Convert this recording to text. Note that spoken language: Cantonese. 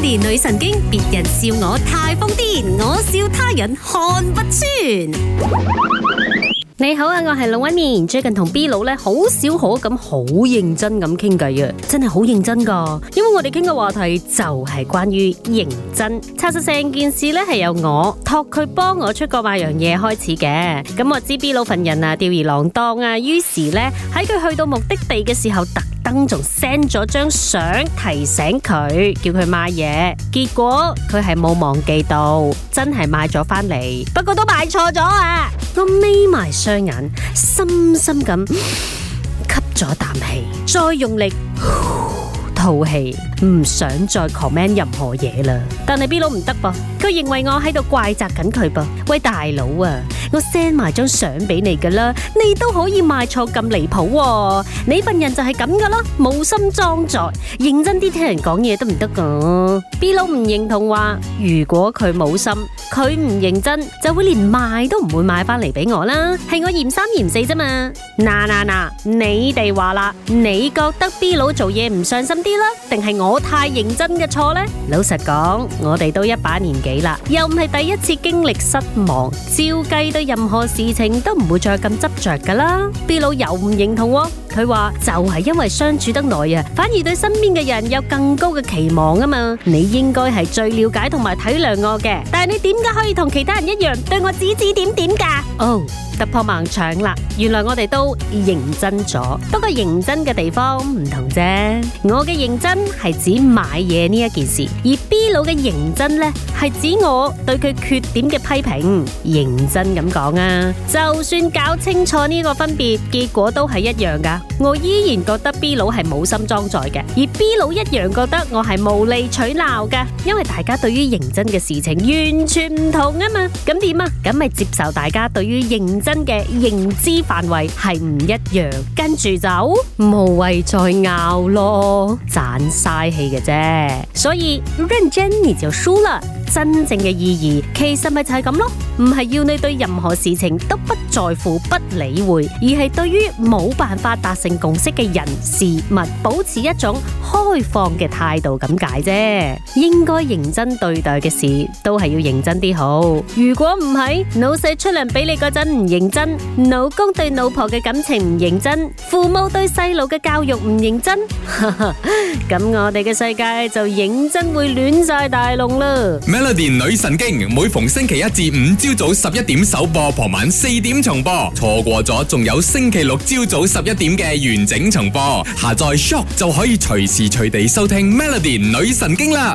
年女神經，別人笑我太瘋癲，我笑他人看不穿。你好啊，我係龍紋敏，最近同 B 佬咧好少可咁好認真咁傾偈呀，真係好認真㗎。因為我哋傾嘅話題就係關於認真。其實成件事咧係由我託佢幫我出個買樣嘢開始嘅。咁我知 B 佬份人啊吊兒郎當啊，於是咧喺佢去到目的地嘅時候突。燈仲 send 咗張相提醒佢，叫佢買嘢，結果佢係冇忘記到，真係買咗翻嚟，不過都買錯咗啊！我眯埋雙眼，深深咁吸咗啖氣，再用力吐氣，唔想再 comment 任何嘢啦。但係 B 佬唔得噃，佢認為我喺度怪責緊佢噃。喂，大佬啊！我 send 埋張相俾你噶啦，你都可以賣錯咁離譜喎！你份人就係咁噶啦，冇心裝載，認真啲聽人講嘢得唔得噶？B 佬唔認同話，如果佢冇心，佢唔認真，就會連賣都唔會買翻嚟俾我啦。係我嫌三嫌四啫嘛？嗱嗱嗱，你哋話啦，你覺得 B 佬做嘢唔上心啲啦，定係我太認真嘅錯呢？老實講，我哋都一把年紀啦，又唔係第一次經歷失望，照計都～任何事情都唔會再咁執着噶啦，啲佬又唔認同、哦佢話就係、是、因為相處得耐啊，反而對身邊嘅人有更高嘅期望啊嘛。你應該係最了解同埋體諒我嘅，但係你點解可以同其他人一樣對我指指點點噶？哦，oh, 突破盲腸啦！原來我哋都認真咗，不過認真嘅地方唔同啫。我嘅認真係指買嘢呢一件事，而 B 佬嘅認真咧係指我對佢缺點嘅批評。認真咁講啊，就算搞清楚呢個分別，結果都係一樣噶。我依然覺得 B 佬係冇心裝載嘅，而 B 佬一樣覺得我係無理取鬧嘅，因為大家對於認真嘅事情完全唔同啊嘛，咁點啊？咁咪接受大家對於認真嘅認知範圍係唔一樣，跟住就無謂再拗咯，盞嘥氣嘅啫，所以認真你就輸了。真正嘅意義其實咪就係咁咯，唔係要你對任何事情都不在乎、不理會，而係對於冇辦法達成共識嘅人事物保持一種開放嘅態度咁解啫。應該認真對待嘅事都係要認真啲好。如果唔係，老細出糧俾你嗰陣唔認真，老公對老婆嘅感情唔認真，父母對細路嘅教育唔認真，咁我哋嘅世界就認真會亂晒大龍啦。Melody 女神經每逢星期一至五朝早十一點首播，傍晚四點重播。錯過咗，仲有星期六朝早十一點嘅完整重播。下載 Shop 就可以隨時隨地收聽 Melody 女神經啦。